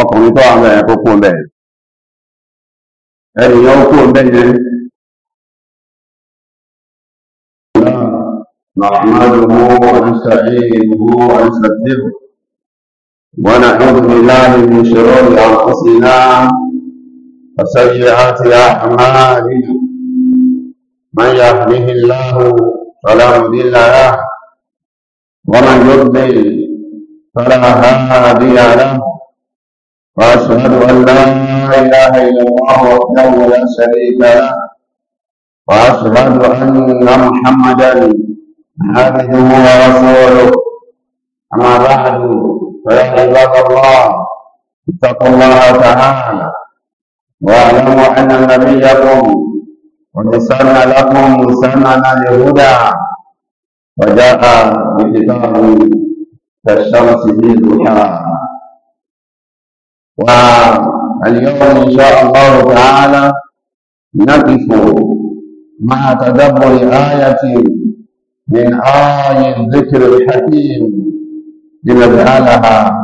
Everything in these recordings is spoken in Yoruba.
ọkùnrin tó wà mẹ́rin kó kún bẹ́ẹ̀ ènìyàn ó kún bẹ́ẹ̀ yẹn نحمده ونستعينه ونستغفره ونعوذ بالله من شرور انفسنا وسيئات اعمالنا من يهده الله فلا مضل له ومن يضلل فلا هادي له وأشهد أن لا إله إلا الله وحده لا شريك له وأشهد أن محمدا عبده ورسوله أما بعد فيا عباد الله اتقوا الله تعالى واعلموا أن نبيكم قد ورسالنا لكم سنن الهدى وجاء بكتاب كالشمس في الضحى واليوم إن شاء الله تعالى نقف مع تدبر آية من آي الذكر الحكيم لنجعلها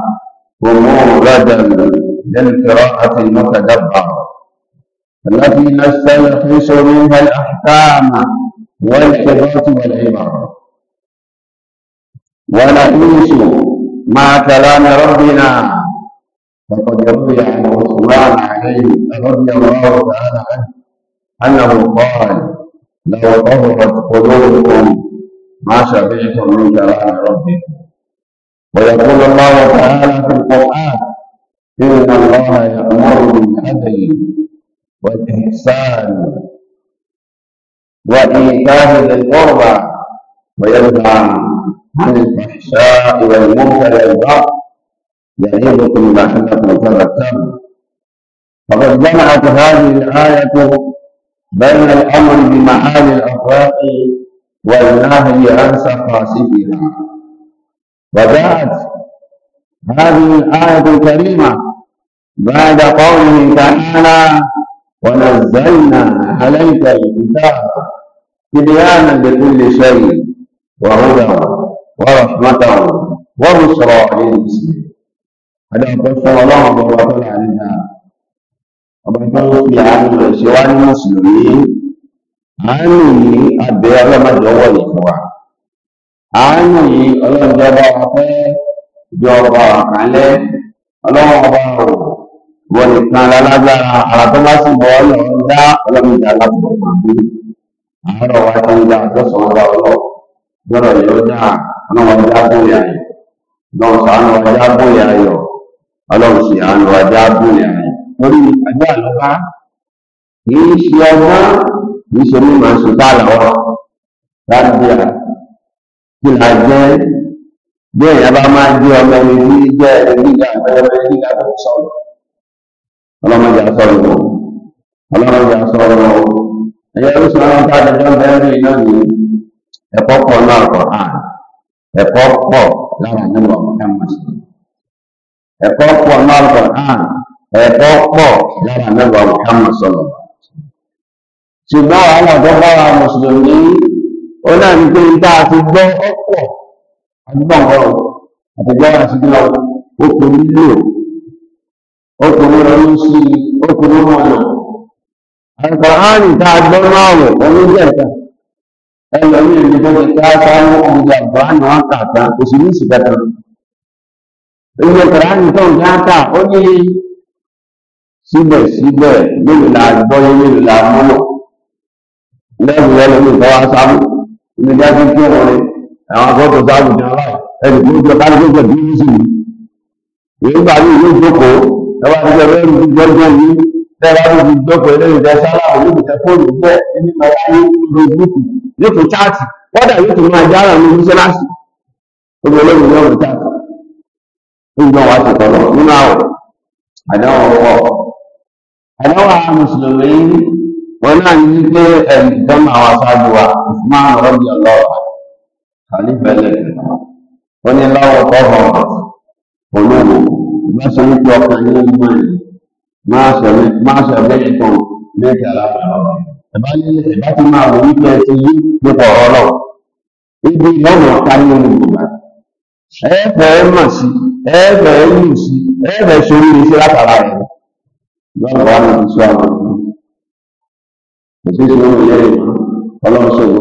غدا للقراءة المتدبرة التي نستلخص منها الأحكام والعظات والعبر ونعيش مع كلام ربنا فقد روي عن عثمان عليه رضي الله تعالى عنه انه قال لو طهرت قلوبكم ما شبعتم من كلام ربكم ويقول الله تعالى في القران ان الله يامر بالعدل والاحسان وايتاء ذي القربى وينهى عن الفحشاء والمنكر والبغي يعظكم وكذا تذكرون فقد جمعت هذه الآية بين الأمر بمحال الأخلاق والنهي عن سفاسفها وجاءت هذه الآية الكريمة بعد قوله تعالى ونزلنا عليك الكتاب تبيانا لكل شيء وهدى ورحمة وبشرى للمسلمين adáwọ̀pẹ́ fún ọlọ́run bọ̀ wá tọ́lá nígbà ọba tó ń fi àánú rẹ̀ ṣe wá ní mùsùlùmí àánú yìí abẹ́ ọlọ́mọdé ọwọ́ yìí fún wa àánú yìí ọlọ́run jẹ́ ọba wa pẹ́ ìjọ ọba àkàlẹ́ ọlọ́run ọba rò wọ́n nìkan lálágbára ara tó bá sì bọ́ ọlọ́run dá ọlọ́run ìjà alábọ̀ pàdé àárọ̀ wa ti ń da àtọ́sọ̀ ọba ọlọ́ gbọ́dọ̀ yóò dá ọlọ́run ọjà bóyá bóyá yọ̀ ọlọ́run sì àánú ọjà bùnì àná lórí ìpàdé àlọ́bá kìí ṣe ọgbọ́n kìí ṣe mímọ ṣùgbọ́n àlàwọ́ lábíà kí là jẹ́ bí èèyàn bá máa jẹ́ ọmọ ẹni tí jẹ́ ẹni gíga àtẹ́wọ́ ẹni gíga tó sọ̀rọ̀ ọlọ́mọdé àsọ̀rọ̀ wọn ọlọ́mọdé àsọ̀rọ̀ wọn ẹ̀yẹ ló sọ wọn táwọn ẹjọ́ bẹ́ẹ̀ ní iná ní ẹ̀kọ́ pọ̀ náà kọ̀ ẹ̀kọ́ pọ̀ lára nígbà ọ̀gá màsí ẹ̀kọ́ pọ̀ náà Quran ẹ̀kọ́ pọ̀ lára mẹ́wàá Muhammad sọ̀rọ̀ ṣùgbọ́n àwọn ọ̀dọ́ bára mùsùlùmí ó náà ní pé nígbà àti gbọ́ ọ̀pọ̀ àdúgbọ̀n ọ̀rọ̀ àtẹ̀jọ́ àṣìgbọ́ okùnrin lò okùnrin ronú sí okùnrin wọn lò Al-Qur'an tá a gbọ́ náà wọ̀ ọdún jẹ́ ẹ̀ka ẹlòmíràn ní tó ti ká sáà ní ọmọdé Al-Qur'an wọn kà tán kò sí ní ilé kìránì tó ń jáǹkà ó ní síbẹ̀síbẹ̀ mélòó la gbọ́ yé mélòó la múlò lẹ́nu ẹlẹ́nu ìtọ́ wa sábù ilé jáde kí wọ́n rí àwọn akọ́tọ̀ sábù ní ọlá ẹni tó ń jọ káàdì tó jẹ̀bi ní sùn èyí gbà ní ìlú ìjókòó ẹwà ti jẹ bẹ́ẹ̀ ní gbọ́dọ̀ yìí tẹ́lá ní ti jókòó eléyìí tẹ sára òun kò ní lójúkù yóò tó chaati kọ́dà ní oníṣẹ́ níjọ wa ti tọ̀lọ̀ nínú àwọ̀ àdáwọ̀ ọkọ̀. àdáwọ̀ àwọn mùsùlùmí wọn náà ń yí pé ẹnì kan máa wá sáájú wa Usman rọ́bì ọlọ́ọ̀bà kàlífẹ̀ lẹ́yìn wọn ní láwọ̀ kọ́ọ̀bọ̀ olówó ìbáṣe wípé ọkàn ní mú ẹ̀ máa ṣe ọ̀bẹ́yìn kan lẹ́kẹ̀ alábàárọ̀ ẹ̀bá ti máa wò wípé ẹ ti yí nípa ọ̀rọ̀ náà ní olùgbòmà ẹ̀ẹ́fẹ̀ ẹ̀yìn sí ẹ̀ẹ́fẹ̀ sórí iṣẹ́ látara ẹ̀ lọ́wọ́ wa ní ìṣó àwọn ọ̀dọ́ kò sí ìṣòro ìyẹ́ ọlọ́run sọ ìwé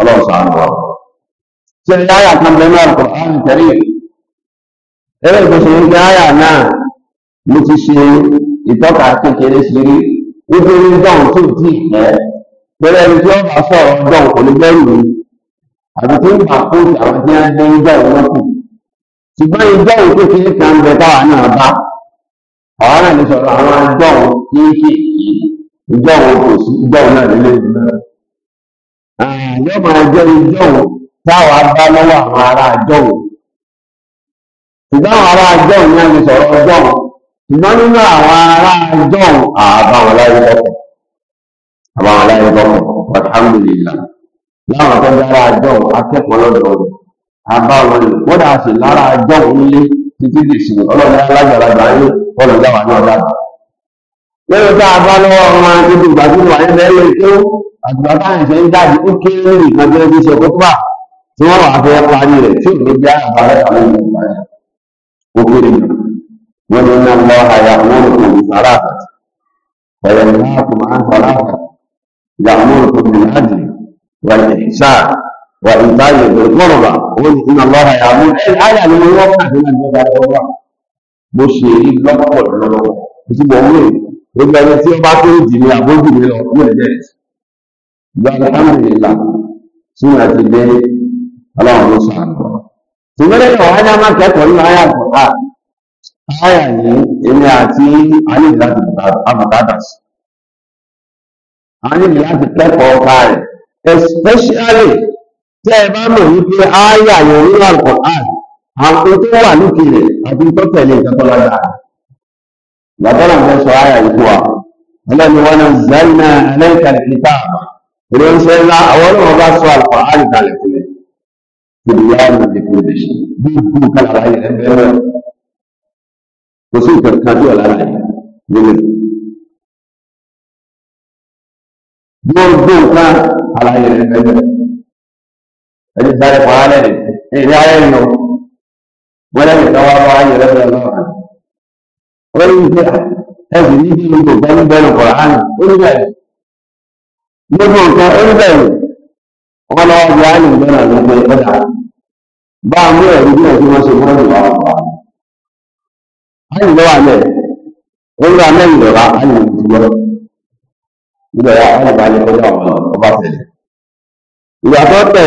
ọlọ́run sọ àwọn ọ̀rọ̀ ṣe ní àyà kan bẹ́ẹ̀ náà kọ̀ á ń tẹ̀lé ẹ̀rọ ìgbésẹ̀ ní àyà náà mo ti ṣe ìtọ́ka kékeré sí rí wípé ní dọ́hùn tó dì í pẹ́ pẹ̀lẹ́ ẹni tí wọ́n bá sọ̀rọ̀ dọ́hùn kò ní bẹ́ẹ̀ lù àbí tí wọ́n bá kó àwọn tí wọ́n gbé ń dọ́hùn lọ́kùn ṣùgbọ́n ìjọ́hùn tó kékeré kan bẹ táwa náà bá àwọn náà lè sọ̀rọ̀ àwọn ìjọ́hùn kéékèèké ìjọ́hùn kò sí ìjọ́hùn náà nílé ìlú àyọ̀ máa jẹ́ ìjọ́hùn táwa bá lọ́wọ́ àwọn ará ṣùgbọ́n àwọn ará náà sọ̀rọ̀ ṣùgbọ́n nínú àwọn ará àbáwọn rẹ̀ wọ́n dà sí lára ajọ́ òun lé títí di sí ọlọ́run alágbàlagbà ayé ọlọ́run dáwà ní ọ̀dà. lẹ́yìn tá a bá lọ́wọ́ ọmọ títí ìgbà tí wà ní bẹ́ẹ̀ lóye tó àgbà táyà ṣe ń dàbí ó kéré nìkan tó ń ṣe kópa tí wọ́n wà fẹ́ parí rẹ̀ tí ó kéré òun ìdúnà lọ́ra ìyàwó ayà ni wọ́n kà nínú ìjọba ni àbójú mi a máa a especially tẹ́ ẹ bá mọ̀ wípé ááyà yẹn nínú Al-Qur'an àwọn tó wà lókè rẹ̀ àti tó tẹ̀lé nǹkan tó lágbára. Bàbára ń sọ ááyà yìí fún wa. Ọlọ́ni wọn náà zanna alayka al-kitaba. Ìlú ń ńlá àwọn ọlọ́run bá sọ Al-Qur'an kalẹ̀ fún mi. Ìdílé àwọn ìdìbò lè ṣe bí ìdí nǹkan àlàyé rẹ̀ Kò sí nǹkan kan ọ̀la rẹ̀ nílé. Bí ó gbó àlàyé rẹ̀ bẹ́ẹ̀ ẹni sáré pa á lẹ́nu ìrìn ayé ń lọ wọn lẹ́nu kan wá bá ayé lọ́dọ̀ náà ó ní ìgbé ẹ̀sìn ní kí gbogbo nǹkan ní bẹ́ẹ̀ lọ́kọ̀ọ́ hàn O ní bẹ́ẹ̀ gbogbo nǹkan ó ní bẹ́ẹ̀ wọn lọ́wọ́ bí á a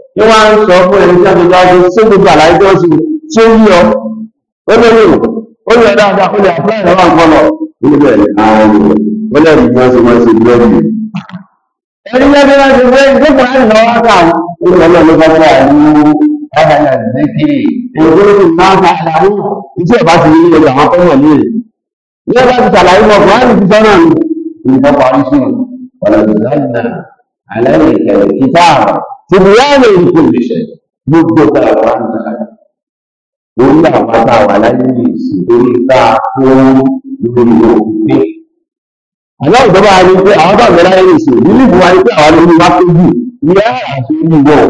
ní wọ́n ń sọ fún ẹni tí a ti dájú sí gbogbo àlàyé tó ṣe tí ó yí ọ ó lè rí ó lè dáadáa ó lè àpá ìrọ̀lá nǹkan lọ nígbà àwọn ọmọ ó lè rí wọ́n ṣe máa ṣe búrẹ́dì. ẹni lẹ́gbẹ́ bá ti wé ìdókòó láti lọ wá ó lè lọ lọ bá tó àìní dáadáa lẹ́kìrì èyí tó lè máa ń ta àlàyé iṣẹ́ ti ní èyí. ní ọba ti ṣàlàyé mọ̀ tìbíyàwó ìkó ìṣẹ gbogbo tá a wà náà òun làwọn tá a wà láyé ní ìsìn lórí tá a kó lórí òfin àwọn ìjọba wa ni pé àwọn bá mi láyé ní ìsìn nínú ìbùwá ni pé àwọn ọmọ wa tó jù ní àṣẹ ìwọ òun ní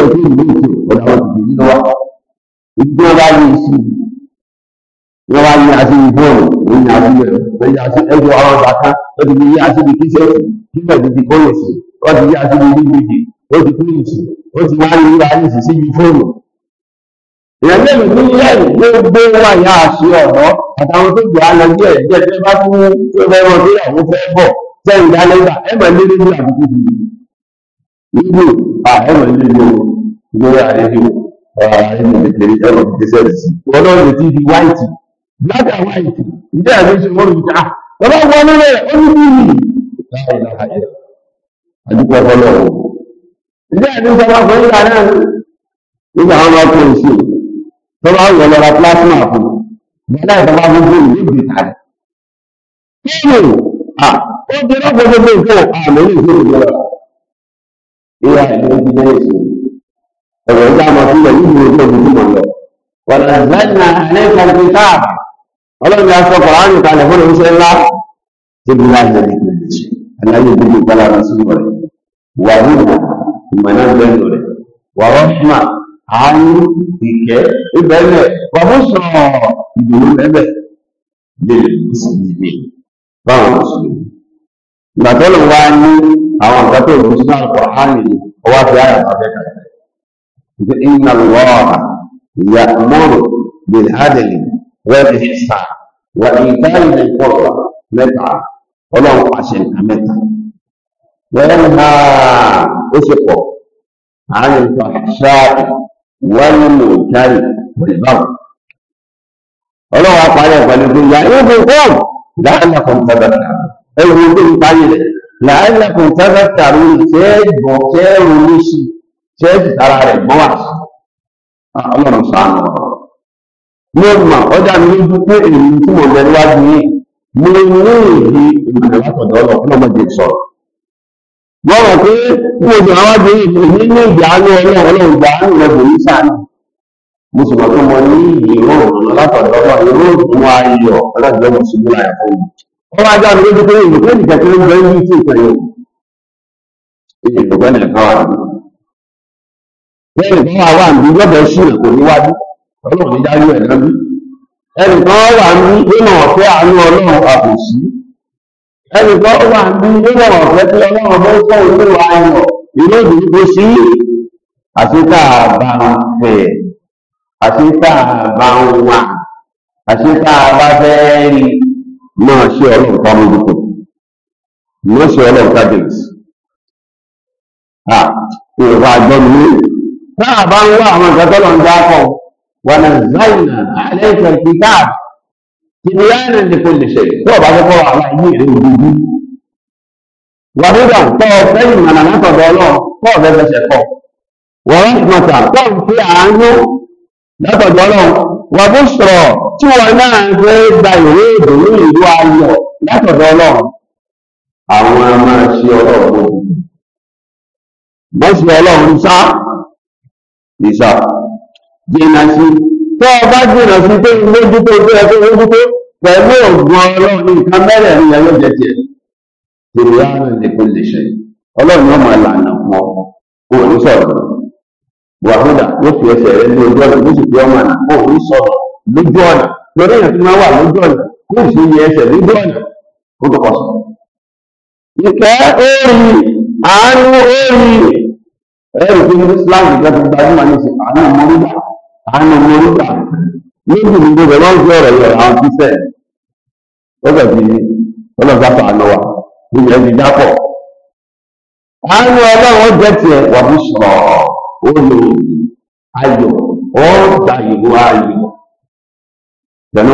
ọjọ́ ìlú ìtò ọ̀dà wọn ti di lọ́wọ́ ìjọ wa ní ìsìn wọn wá ní àti ìbọ̀ òun ní àti ẹ̀rọ ẹ̀yà àti ẹ̀jọ̀ àwọn ọ̀dà kan lọ́dún ní àti ìbí kíṣẹ́ kíkọ̀ ìdí ti kọ́ yẹ̀ sí i wọ́n ti yá sí ibi méjì ó ti kú ìsì ó ti wá ní wá ní ìsìsí ibi fóònù. ìrẹ̀lẹ̀ mi ní ilé ìgbé gbé wà yá àṣì ọ̀dọ́ àtàwọn tó gbé alọ díẹ̀ díẹ̀ tó bá tún tó fẹ́ wọn tó yàwó fẹ́ bọ̀ sẹ́yìn dálẹ́gbà ẹ mọ̀ lé nínú àbùkù yìí. ibo à ẹ mọ̀ lé nínú ìgbéra àdéhùn àdéhùn kékeré ẹ mọ̀ kékeré sí i. wọn náà lè ti di wáìtì black and àdúgbò ọpọlọ ilé ẹni sọmọ fún ìgbà náà nígbà àwọn ọmọ ọkùnrin sí tó bá ń yọlọra plasma fún bẹ́ẹ̀ ìjọba gbogbo ìlú ìgbìta rẹ kíni à ó ti rọpò gbogbo nǹkan àmì ní ìlú ìjọba ìyá ìlú ti jẹ èsì ọ̀rọ̀ ìjà máa fi yẹn nínú ojú omi nínú lọ wàlá zẹ́nà alẹ́ kọ̀ǹpútà ọlọ́run ni a sọ aláyé gbogbo ìpalára sínú rẹ̀ wà wúwo ìmọ̀nà lẹ́nu rẹ̀ wà rọ́ṣùmà àánú ìkẹ́ ìbẹ̀lẹ̀ wà mọ́ṣọ̀ ìdùnnú lẹ́bẹ̀ lè mùsùlùmí báwọn mùsùlùmí. ìgbà tó lè wá ní àwọn ìgbà tó lè tún náà kọ̀ hánì ní ọwọ́ àti àyà àbẹ́ kàkà. ìgbà iná lọ́ọ̀rà ìyá mọ́rọ̀ lè hádẹ̀lì wẹ́ẹ̀dì ṣà wà ìtàlẹ̀ kọ̀ọ̀rọ̀ mẹ́ta ọlọ́run pàṣẹ nǹkan mẹ́ta wọ́n ha ó ṣe pọ̀ àárín nǹkan ṣáàtì wọ́n ní mò ń kárì pẹ̀lú báwọn. ọlọ́run apáyọ̀ pẹ̀lú pé ìyá ìwé fún láàrín kan tẹ́lẹ̀ ẹ̀rù tó ń parí rẹ̀ láàrín kan tẹ́lẹ̀ tàbí ìṣẹ́gbọ̀n kẹ́rù lóṣù ṣẹ́ẹ̀dì tara rẹ̀ gbọ́n wà ọlọ́run sàánù ọ̀rọ̀ mo mọ̀ ọjà mi lójú pé èmi tí mo bẹ níwájú yìí mo nwere èdè ìmọ̀lẹ̀ látọ̀dọ̀ ọlọ́ ọlọ́mọdé sọ̀rọ̀ lọ́rọ̀ pé kí o jọ àwọn àjẹ́ ìpè ní ilé ìgbà ní ọlọ́ ọlọ́run yọ ẹnìkan wà ní nínú ọ̀fẹ́ àánú ọlọ́run àbòsí ẹnìkan wà ní nínú ọ̀fẹ́ tí ọlọ́run bó fọ́ ojú ayọ̀ ìlóòdì bó sí àti tá a bá ń fẹ́ àti tá a bá ń wà àti tá a bá fẹ́ rí náà ṣe ọlọ́run ká mójútó náà ṣe ọlọ́run ká dèjì. ìwà àgbọ̀n mi tá bá ń wá àwọn ìgbàgbọ́ lọ́n dá ونزلنا عليك الكتاب تبيانا لكل شيء tó bá kọ́kọ́ àlàyé rẹ̀ òdodo wàhídà tó fẹ́yìn mọ̀nà látọ̀dọ̀ ọlọ́run tó ọ̀fẹ́ fẹsẹ̀ kọ́ wọ́n mọ̀tà tó ń fi àánú látọ̀dọ̀ ọlọ́run wà bó sọ̀rọ̀ tí wọ́n náà ń fẹ́ gba ìwé ìdùnnú ìlú ayọ̀ látọ̀dọ̀ ọlọ́run àwọn máa ṣe ọlọ́run mọ̀ ọlọ́run sá ìsá jìnà sí tó o bá jìnà sí pé mójútó tó ẹ tó pẹ̀lú ògùn ọlọ́run nǹkan mẹ́rẹ̀ ní ẹ̀yọ́ jẹjẹ ìrìyà rẹ̀ ní ọlọ́run ọ ní sọ̀rọ̀ fi ẹsẹ̀ ní ojú ọ̀nà ọmọ àná ní sọ̀rọ̀ lójú ọ̀nà lórí wà lójú ọ̀nà sì ẹsẹ̀ lójú ọ̀nà tó sọ. ìkẹ́ àánú tó àánú mi ń gbà níbi ìdìbò rẹ̀ wọ́n ń gbé ọ yẹn àwọn fífẹ́ lọ́dọ̀ bí ọlọ́dọ̀ bá àánú wa níbi ẹni ọ àánú ọlọ́run jẹ́ tiẹ̀ ayọ fún sọ̀rọ̀ ó ayọ ayọ̀ ó gba ìlú ayọ̀ pẹ̀lú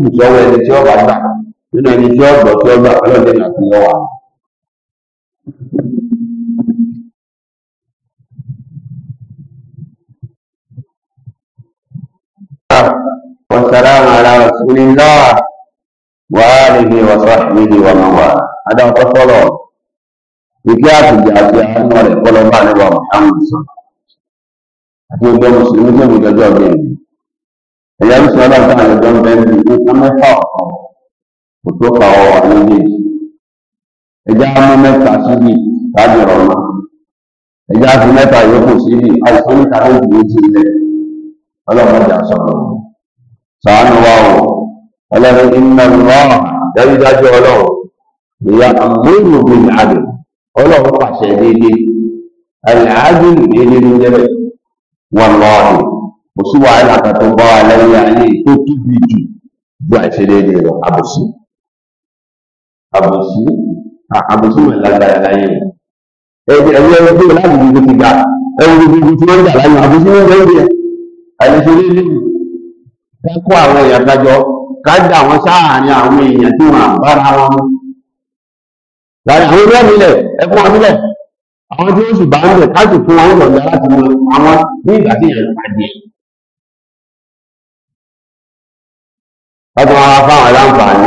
ìwọlọ̀ bọ́lá nínú ẹni tí ọgbọ tí ọgbà ọlọ́dẹ náà kú wọ́n wà. والسلام على رسول الله وآله وصحبه ومن والاه هذا هو الصلاة ìgbé àtìgbè àti àánú rẹ̀ kọ́ lọ́ba àlẹ́wà Muhammad sọ àti ọjọ́ mùsùlùmí tó ń gbẹjọ́ bẹ́ẹ̀ ẹ̀yà ń sọ ọlọ́gbà àlejò ń bẹ́ẹ̀ ní ọjọ́ mẹ́fà ọ̀kan kutoka wawili ẹja mú mẹ́ta síbi tàbí ọ̀nà ẹja fi mẹ́ta yòókù síbi àìsàn níta ló dùn ó ti lẹ ọlọ́mọdé àsọ̀rọ̀ sàánú wa o ọlọ́run iná lọ́ dájúdájú ọlọ́run ìyá àmúlò bí àdè ọlọ́run pàṣẹ déédéé àlàájú déédéé ló jẹ́ bẹ́ẹ̀ wọn lọ́ọ̀dù kò sí wàhálà kan tó bá wa lẹ́yìn ayé tó tóbi jù ju àìṣedéédéé lọ àbòsí. àbòsí àbòsí mọ̀ lágbára láyé ẹ̀jẹ̀ ẹ̀jẹ̀ ẹ̀jẹ̀ tó láti ibi ti gbà ẹ̀wọ̀n ibi tí wọ́n gbà láyé àbòsí mọ̀ lẹ́yìn àìlèṣeré lẹ́yìn kẹ́kọ̀ọ́ àwọn èèyàn kájọ kájà wọn sáàárín àwọn èèyàn tí wọn àbára wọn mú láàrin àwọn ilé mílẹ̀ ẹkún wọn mílẹ̀ àwọn tí ó sì bá ń bẹ̀ káàtì fún láti mọ àwọn ní ìgbà tí pàdé wá fáwọn aláǹfààní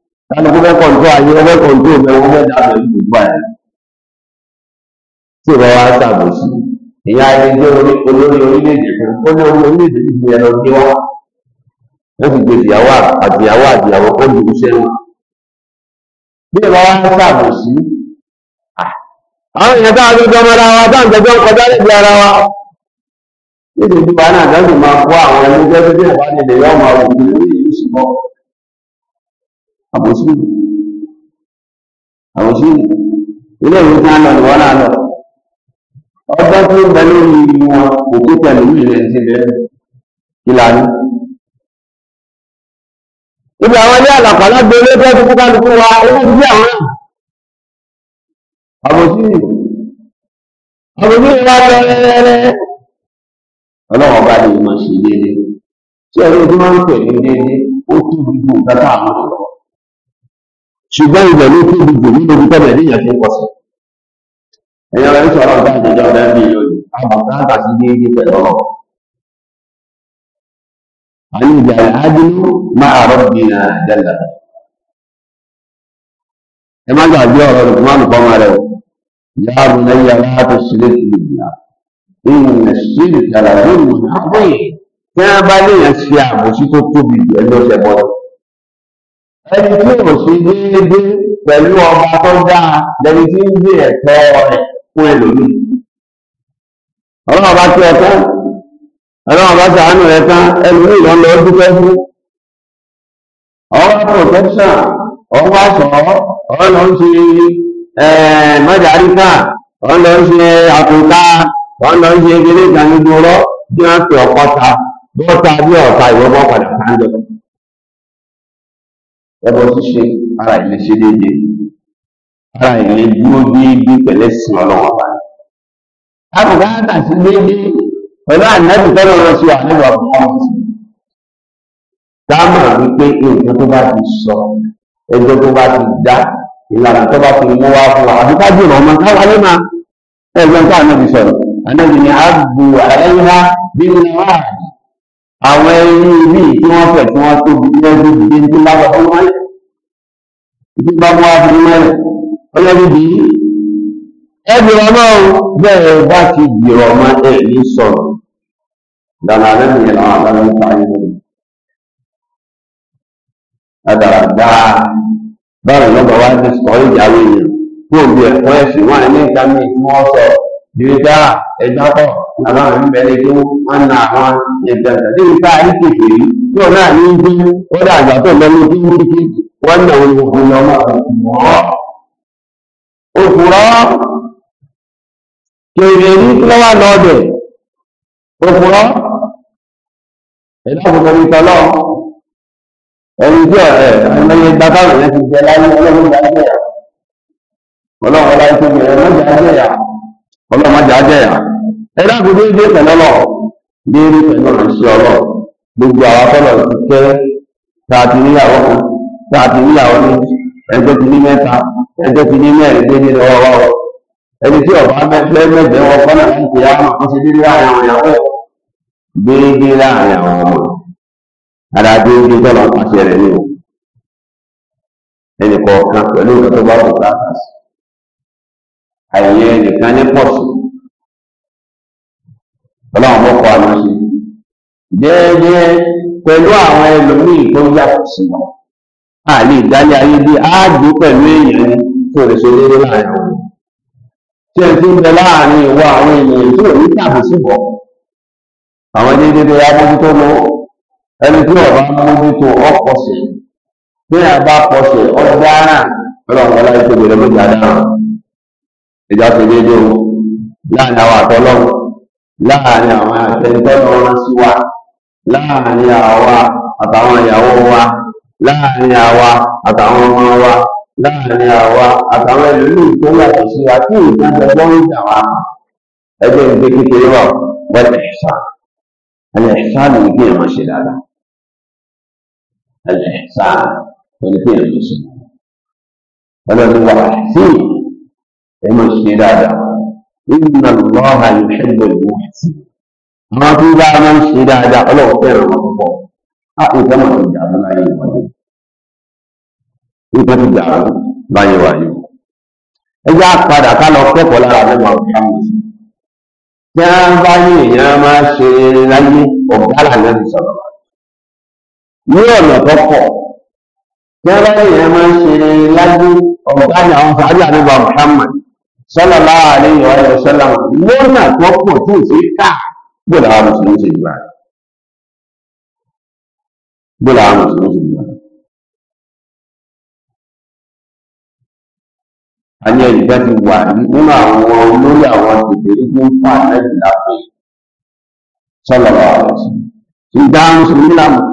kálukú fẹ́ kọ̀ǹtó ayé ọfẹ́ kọ̀ǹtó ìbẹ̀wò fẹ́ dàbẹ̀ gbogbo ẹ̀ tí ìbọn wa ṣàbòsí ìyá ẹni jẹ́ olórí orílẹ̀-èdè kan ó ní orí orílẹ̀-èdè ti fi ẹnu gbé wá wọ́n sì gbé ìyàwó àtìyàwó àtìyàwó ó lù ú sẹ́wọ̀n bí wa ṣàbòsí àwọn a tó jọmọ ara wa táwọn kọjá ara wa nítorí máa kó àwọn ẹni jẹ́ àbòsí ni àbòsí ni ilé ìwé tí wọn lọ ni wọn náà lọ ọgbẹ tó ń bẹ lórí wọn kò tó ìlú bẹ ìlànà ibi àwọn ilé ilé tó wa owó ti bí àwọn àbòsí àbòsí ọlọ́wọ́n bá lè máa ṣe déédéé tí ẹ̀rọ ń ṣùgbọ́n ìwẹ̀ ló tóbi jù nínú ibi tọ́lẹ̀ ní ìyànjú pọ̀sẹ̀. ẹ̀yà rẹ̀ sọ̀rọ̀ ọ̀gá ìjọba ọ̀dà ń bí lónìí àbàkà àtàkì ní ìdí pẹ̀lú ọ̀rọ̀. àní ìjà àdínú máa rọ̀ bí i àjẹlẹ̀. ẹ má gbàgbé ọ̀rọ̀ rẹ̀ fún àlùkò ọmọ rẹ̀ o. ìyá àbò lẹ́yìn aláàtò sílẹ̀ na ìyá. ìyẹn sílẹ̀ ẹni tí ò ṣe déédéé pẹ̀lú ọba tó dáa lẹni tí ń gbé ẹ̀tọ́ rẹ̀ fún ẹlòmí e ọlọ́run bá tí ọ tán ọlọ́run bá ṣàánú rẹ tán ẹlòmí ìlọ lọ dúpẹ́ fún ọwọ́ protection ọwọ́ aṣọ ń ṣe eh, ń ṣe ń ṣe eré bí wọ́n fi ọ̀pọ̀ ẹbọ ṣíṣe ara ìlẹ ṣe déédéé ara ìlẹ dúró déédéé pẹ̀lẹ́ sìn Ọlọ́run ọba àbùkà àtàṣe déédéé pẹ̀lú ànábì tọrọ lọ sí ànábì ọba dáàmà wípé nǹkan tó bá ti sọ ẹjọ́ tó bá ti dá ìlànà tó bá ti mú wá fún wa àbúkà jùlọ ọmọ máa ànábì àwọn ẹni ìlú tí wọ́n fẹ̀ tí wọ́n tóbi lẹ́gbẹ̀ẹ́ ìdílé ní lábọ̀ tó wọ́n lẹ̀ tí bá mú wájú mẹ́rin ọlọ́bí bí ẹbí ọlọ́run bẹ́ẹ̀ bá ti gbìrọ̀ ọmọ ẹ̀ ní sọ̀rọ̀ dáná lẹ́nu yẹn àwọn àbára ń parí lẹ́nu adàrà dáa báwo lọ́gbà wá ní sọ ìyàwó èèyàn kó o bí ẹ̀kọ́ ẹ̀sìn wọn ní ìka mi tí dèrèdà ẹ̀dàpọ̀ àbáwọn ìbẹ̀rẹ̀ tó wọ́n na àwọn ẹ̀dà tàbí ìta àìkèké yìí tí náà ní bí wọ́n dà àgbà tó lọ́nu tí wọ́n ti wọ́n nà wọn kò lọ mọ́ ọ́. òkùrọ́ kèrè ní kílọ́wà lọ́ọ̀dẹ̀ òkùrọ́ ẹ̀dá òkùrọ́ mi tọ́lọ́ ẹni tí ọ̀rẹ́ ẹ̀mẹ́yẹ gbàgbọ́ rẹ̀ ti jẹ láyé ọlọ́run gbàgbẹ́ ọlọ́run máa jáde yà ẹ dákun déédéé pẹ̀lú ọlọ́run déédéé pẹ̀lú ọ̀rọ̀ sí ọlọ́run gbogbo àwọn akọ́lọ̀ ti kẹ́ tá a ti níyàwó kan tá a ti níyàwó ní ẹjọ́ ti ní mẹ́ta ẹjọ́ ti ní mẹ́rin dé nínú ọwọ́ ọ ẹni tí ọba mẹ́fẹ́ mẹ́fẹ́ wọn kọ́nà fún ìyá wọn kó ṣe déédéé láàrin àwọn ìyàwó déédéé láàrin àwọn ọmọ àìyẹ nìkan ní pọ̀ sí ọlọ́run ló kọ́ àná sí pẹ̀lú àwọn ẹlòmíì tó yàtọ̀ sí wọn a lè dálé ayé bí áàgbé pẹ̀lú èèyàn tó lè ṣe déédéé láàrin wọn tí ẹ ti ń bẹ láàrin ìwọ àwọn èèyàn tí ò ní tàbí àwọn tó yá lọ ẹni a bá ẹjá tó déédéé o láàrin àwọn àtọlọ́run láàrin àwọn àtẹnitọ́nà wọn sí wa láàrin àwa àtàwọn ìyàwó wa láàrin àwa àtàwọn ọmọ wa láàrin àwa àtàwọn ẹlòmíì tó yàtọ̀ sí wa tí ìdájọ́ lọ́rùn ìjà wa ẹgbẹ́ ìgbé kékeré wà wọ́n ẹ̀ṣá ẹ̀ṣá ni kí èèyàn ṣe dáadáa ẹ̀ṣá ni kí èèyàn ṣe dáadáa ọlọ́run wà sí i. ẹ mọ̀ ṣe dáadáa inna Allaha yuhibbu bá máa ń ṣe dáadáa ọlọ́wọ́ fẹ́ràn wọn púpọ̀ á ti dàrú láyé wáyé ti dàrú láyé wáyé ká lọ kẹ́kọ̀ọ́ lára lẹ́wọ̀ ọ̀gá mi sí tí wọ́n bá ní èèyàn máa ṣe láyé ọ̀gá làlẹ́ ti sọ̀rọ̀ ní ọ̀nà tó sọ́lá láàrin ìwà ẹ̀rọ sọ́lá lọ́nà tó pọ̀ tí ò ká gbọ́dọ̀ àwọn mùsùlùmí ṣe jù báyìí gbọ́dọ̀ àwọn mùsùlùmí ṣe jù báyìí. a ní ẹnìkan ti wà nínú àwọn olórí àwọn kékeré tó ń ìgbà mùsùlùmí làwọn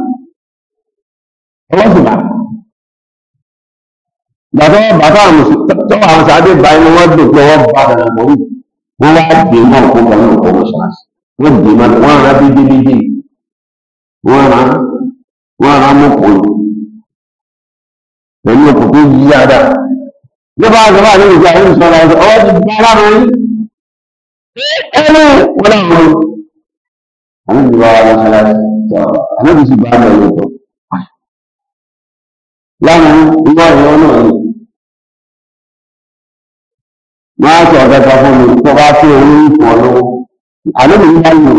gbàtọ́ bàtà tọ́wọ́ àwọn sàádé bá inú wọn dùn pé wọ́n bá dànù mọ́ wù wọ́n wá dé mọ́ òkú pẹ̀lú òkú mọ́ṣáláṣí wọ́n dé mọ́ wọ́n rán bíbí bíbí wọ́n rán wọ́n rán mọ́kò pẹ̀lú òkú tó yí dáadáa nípa àgbà ní ìgbà yìí sọ náà ọwọ́ ti gbá lára yín ẹnu wọn náà wọn. àwọn ìgbà wa mọ́ṣáláṣí sọ àwọn ìgbà wa mọ́ṣáláṣí ah. láwọn ìwọ ìwọ náà ni máa sọ ọ̀dẹ́ta fún mi tó bá sí owó ìfọ̀ lówó àlóbi ní àyè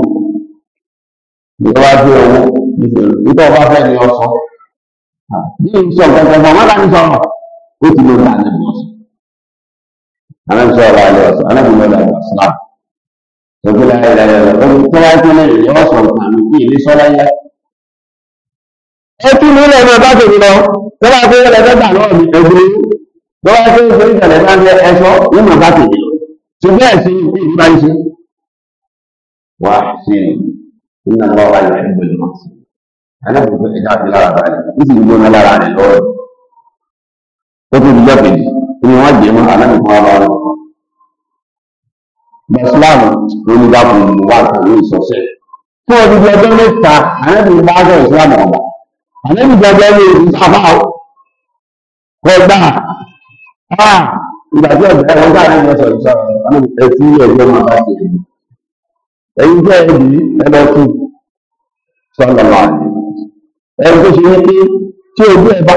ìjọba bá sí owó nítorí ọba fẹ́ ni ọsọ bí n sọ ọ̀dẹ́ta fún ọmọdé ní sọ̀rọ̀ ó ti ló bá àlẹ́ mi ọ̀sán àlẹ́ mi sọ̀rọ̀ àlẹ́ ọ̀sán àlẹ́ mi lọ́la ìgbà sílá tọ́jú láyé láyé lọ tó tó bá sí ilé ìyẹn ọ̀sán nǹkan kí ilé sọ láyé. ẹ tún nílẹ̀ náà bá tèmi lọ tó bá sí ilé lọ́wọ́ tó ń sori ìtàlẹ̀ bá ń bẹ ẹ̀ṣọ́ ní màá bá tèmi lọ ṣùgbọ́n ẹ̀sìn ní ìlú bá wà á ṣe iná lọ wà ní ẹgbẹ́ lọ sí i alábòókò ẹja lára bá rẹ̀ ní sì ń gbóná lára rẹ̀ lọ́rọ̀ tó tó dijọ́ kejì ni wọ́n jẹ́ mọ́ alábòókò wa bá wọn. mọ̀sílámù ló ní bá wà pẹ̀lú fún ìgbà tí ọ̀gá ẹ̀wọ̀n gbà nínú ọ̀sọ̀ ìṣàrọ̀ ẹ̀tí ẹ̀gbẹ́ máa bá ṣe èyí ẹ̀yìn jẹ́ ẹ̀bí ẹlọ́tù sọ́lọ̀lá ẹ̀rọ tó ṣe wípé tí ojú ẹ̀ bá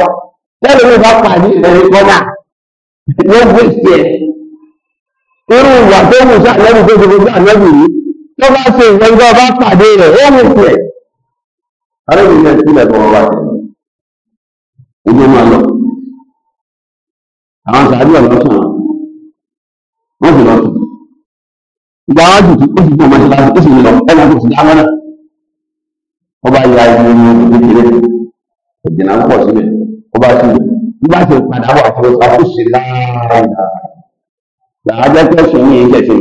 tẹ́lẹ̀ ló bá pàdé ẹ̀rí kọ́nà ló gbé sí ẹ̀ irú ìwà tó mú ọ àlẹ́bù tó gbogbo àlẹ́bù yìí tó bá ṣe bá pàdé ó àwọn sàárì ọlọ́sàn wọ́n fi lọ sí ìgbà wájú tó ó sì fún ọmọdé ó sì lọ tó sì náà ọba ya ẹni ní ọdún kékeré ìdènà pọ̀ síbẹ̀ ọba sí ibẹ̀ nígbà padà wà fún sì láàárọ̀ jẹ́ pé ìjọba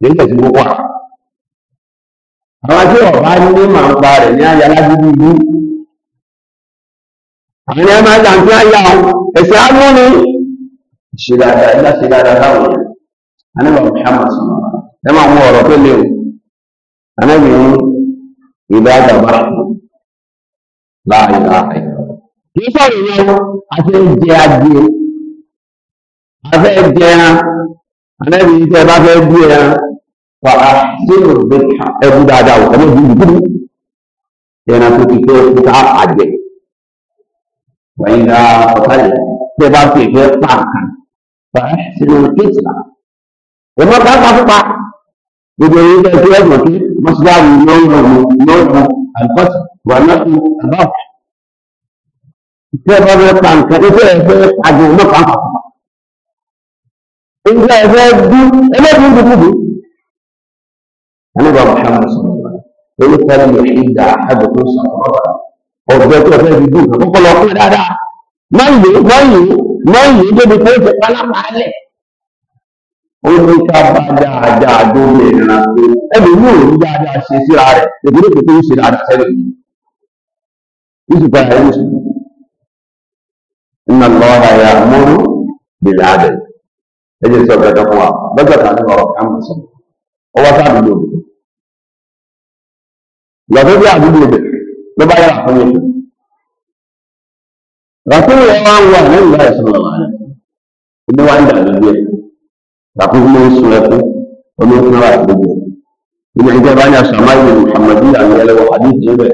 ní gbogbo àwọn. tí ọba ní màá pa ṣe dáadáa ẹ̀dá ṣe dáadáa báwọn yẹn anábì Muhammad sọ̀rọ̀ ẹ máa mú ọ̀rọ̀ tó léwu anábì ní ìdá àgbà láàyè láàyè kì í sọ̀rọ̀ yẹn àti jẹ adìẹ afẹ́ jẹ ẹran anábì ní tẹ́ bá fẹ́ bí ẹran fa sínú ẹbú dáadáa wọ̀ ọmọ ìdílé kúrú ẹran tó ti fẹ́ fúta àjẹ wọ́n yín ra ọ̀tá yẹn tẹ́ bá fi ìfẹ́ pàǹkan fàáṣìlò tètè ẹ̀mọ́ bá bá fúnpa gbogbo ẹ̀yìn tẹ́ tó ẹ̀gbọ́n kí mọ́síláàmù lọ́wọ́ lọ́wọ́ àlùkọ́sì wà lọ́kùn àbáwọ̀ tẹ́ bá fẹ́ pa nǹkan tó fẹ́ fẹ́ àjò náà kàn kàn fúnpa ìgbà ẹ̀fẹ́ dú ẹlẹ́dùn dùdùdù ẹlẹ́dùn Muhammad sọ̀rọ̀ èyí fẹ́rẹ̀ lè fi dà àbò tó sọ̀rọ̀ ọ̀gbẹ́ tó fẹ́ fi dùn kọ́kọ́ lọ fún dáadáa máyì máyì lẹ́yìn débi tó ti pálápàálẹ̀ ó ní ká bá dáadáa dóbi ìran ẹbí mú òun dáadáa ṣe síra rẹ̀ ìdílé kò tó ń ṣe dáadáa sẹ́lẹ̀ yusuf ayé yusuf iná lọ́wọ́ ayé amúrú bìlẹ̀ adẹ ẹ jẹ́ sọ gbẹdọ̀ fún wa lọ́jọ́ kan ní ọ̀rọ̀ kan sọ ọ wá sáà dúdú òbí lọ́jọ́ bí àdúgbò bẹ̀ ló bá yára fún yẹn. Rasul yang wa Nabi Muhammad sallallahu alaihi wasallam. Ini wanda dia. Tapi ini surat ini surat dia. Ini ada banyak sama ini Muhammadiyah yang ada hadis juga.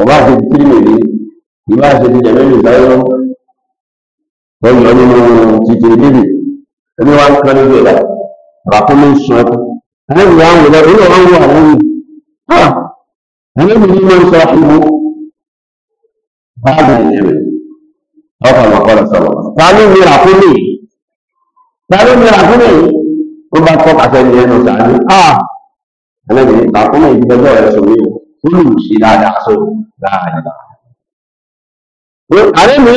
Bahasa Tirmidzi, bahasa di Jamil Zairo. Dan ini Tirmidzi. Ini orang kan dia. Rasul ini surat. Ini yang ada ini orang yang ada. Ha. Ini memang sahibu ọkọlọ kọlọ sọ̀rọ̀ ta ló mìíràn fún mi ta ló mìíràn fún mi ó bá tọ́ kàṣẹ ní ẹnu sàánú à ẹlẹ́bi ní tàkùnmọ̀ ìgbẹ́jọ́ rẹ̀ sọ mí olùsí dáadáa sọ dáadáa àrẹ fún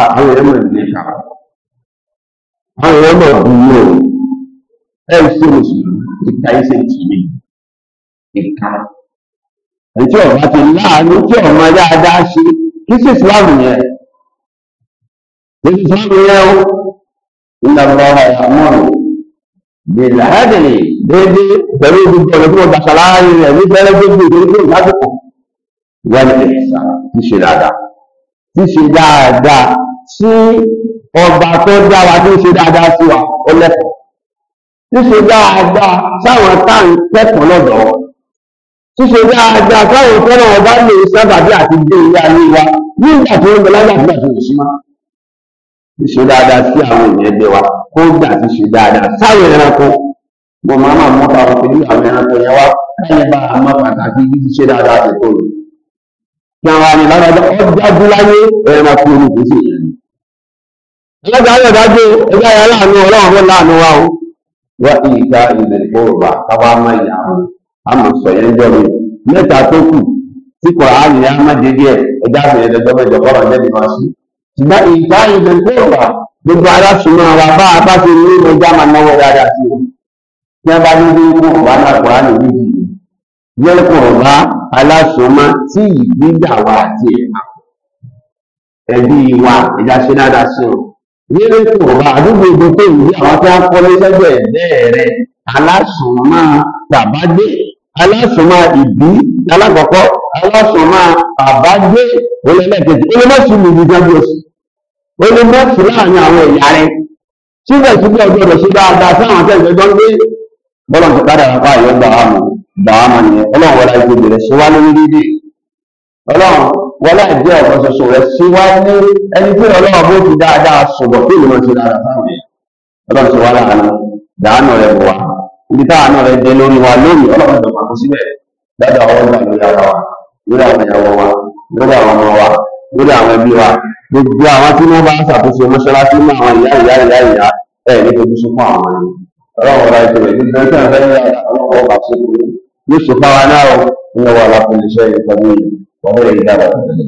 àwọn èèyàn mọ̀ ní ìṣàrà àwọn èèyàn mọ̀ ní òun ẹ̀ ń ṣe mùsùlùmí ìka ẹsẹ̀ ìtìlẹ̀ ìka ẹ̀ tí ọ̀gá ti láàánú tí ọ̀mọ dáadáa ṣe kí sì ìsìláàmù yẹn kí sì ìsìláàmù yẹn ó ìlànà àmọ́ràn bèèrè àádìrí déédé pẹ̀lú gbogbo ọ̀nà tí wọ́n gbà ṣàlàyé rẹ̀ ní bẹ́rẹ̀ gbogbo ìdókòwò lásìkò wọ́n ní ẹ̀sà ń ṣe dáadáa ṣíṣe dáadáa sí ọba tó dá wa tó ń ṣe dáadáa sí wa ọlẹ́kọ̀ọ́ ṣíṣe dáadáa sáwọn táwọn kẹ́kọ̀ọ́ lọ́dọ̀ ṣíṣe dáadáa sáwọn fẹ́ràn ọba lè sábàbí àti gbé ilé ayé wa nígbà tó ń bẹ lágbà tó àti òṣìmá ṣíṣe dáadáa sí àwọn ènìyàn ẹgbẹ́ wa kó gbà ṣíṣe dáadáa sáwọn ẹranko mo máa máa mọ́ta wọn pẹ̀lú àwọn ẹranko yẹn wá káyọ̀ bá a máa pàtàkì ṣíṣe dáadáa ṣètò rẹ̀. lára ni lára ọjájú láyé ẹ̀rọ fún omi kò sí ìyẹn alága ayọ̀ dájú ẹgbẹ́ ayọ̀ láàánú ọlọ́run fún láàánú wa o wá ilẹ̀ ìfowópamọ́ káwá yà á àmọ̀ mẹ́ta tó kù á díẹ̀ àbẹ̀yẹ lọ́jọ́ mẹ́jọ kọ́ra jẹ́bi máa ṣùgbọ́n ìgbà ilẹ̀ ìfowópamọ́ gbogbo aláṣùmọ̀ wa bá a bá ti ní ìmọ̀já yẹ́kọ̀ọ̀bá alásùnmá tí ìgbéyàwó àti ẹ̀ka ẹbí wa ìjà ṣe dáadáa sí o yẹ́kọ̀ọ̀bá àdúgbò ibi tó ìwé àwọn tí wọ́n kọ́ lẹ́sẹ̀gbẹ̀ bẹ́ẹ̀rẹ̀ alásùnmá tàbádé alásùnmá ìbí alákọ̀ọ́kọ́ alásùnmá àbádé olẹ́lẹ́kẹ̀jì ó lè má sí mi gíga bí oṣù ó lè má sí láàrin àwọn ẹ̀yà rẹ síbẹ̀síbẹ̀ ọjọ́ rẹ̀ ṣe dáadáa sáwọn akẹ́kọ̀ọ́ gbọ́n gbé bọ́lá ti kádàrá pa àyọ̀gbà àmọ́ dàámà nìyẹn ọlọ́run wọlá ìgbèbè rẹ̀ ṣe wá lórí dídì ọlọ́run wọlá ìjẹ́ ọ̀kan ṣoṣo rẹ̀ ṣe wá ní ẹni pé ọlọ́run bó ti dáadáa sọ̀bọ̀ pé ìlú ti dára fáwọn yẹn ọlọ́run ṣe wá láàánú dàánù rẹ̀ bọ̀ wá ibi táàánú rẹ̀ dé lórí wa lórí ọlọ́run tó pàkó síbẹ̀ dáadáa ọwọ́ gbà lórí ara wa lórí àwọn ìyàwó wa lórí àwọn ọmọ wa lórí àwọn ẹbí wa gbogbo àwọn tí wọ́n bá ń ṣàkóso mọ́ṣáláṣí mọ́ àwọn ìyá ìyá ìyá ìyá ẹ̀ ní fojú sunkún àwọn ọmọ yẹn ọlọ́run ọ̀la ìjọba ìdíje tí wọ́n fẹ́ ní àwọn ọba ṣe kúrò yóò ṣe fáwa náà o ìyẹn wà láti lè yìí wọ́n fẹ́rẹ̀ yìí dára tẹ̀lé